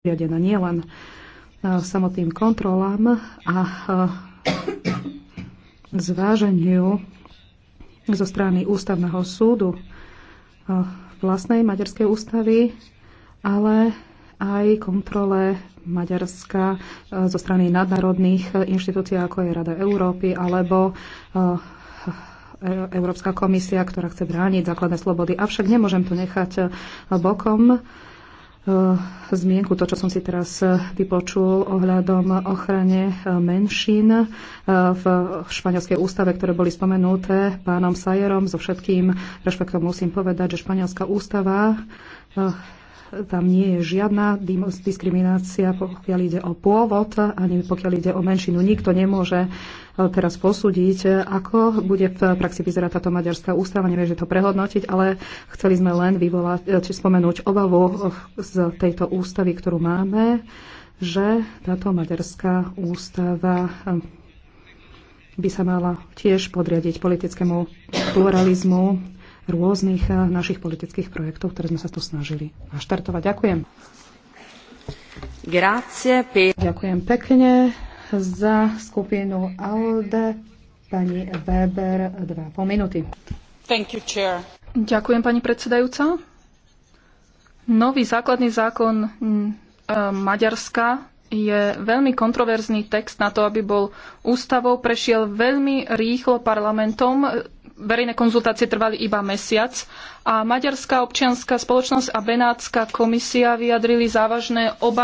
riadená nielen e, samotným kontrolám a e, zváženiu zo strany ústavného súdu e, vlastnej maďarskej ústavy, ale aj kontrole Maďarska zo strany nadnárodných inštitúcií, ako je Rada Európy alebo Európska komisia, ktorá chce brániť základné slobody. Avšak nemôžem to nechať bokom Eh, zmienku, to, čo som si teraz eh, vypočul ohľadom ochrane eh, menšín v španielskej ústave, ktoré boli spomenuté pánom Sajerom. So všetkým rešpektom musím povedať, že španielská ústava tam nie je žiadna diskriminácia, pokiaľ ide o pôvod, ani pokiaľ ide o menšinu. Nikto nemôže teraz posúdiť, ako bude v praxi vyzerať táto maďarská ústava. Neviem, že to prehodnotiť, ale chceli sme len vyvolať, e, či spomenúť obavu e, z tejto ústavy, ktorú máme, že táto maďarská ústava e, by sa mala tiež podriadiť politickému pluralizmu rôznych našich politických projektov, ktoré sme sa tu snažili naštartovať. Ďakujem. Grazie. Ďakujem pekne za skupinu ALDE pani Weber dva. minúty. Thank you, chair. Ďakujem, pani predsedajúca. Nový základný zákon e, Maďarska je veľmi kontroverzný text na to, aby bol ústavou. Prešiel veľmi rýchlo parlamentom. Verejné konzultácie trvali iba mesiac a Maďarská občianská spoločnosť a Benátska komisia vyjadrili závažné obavy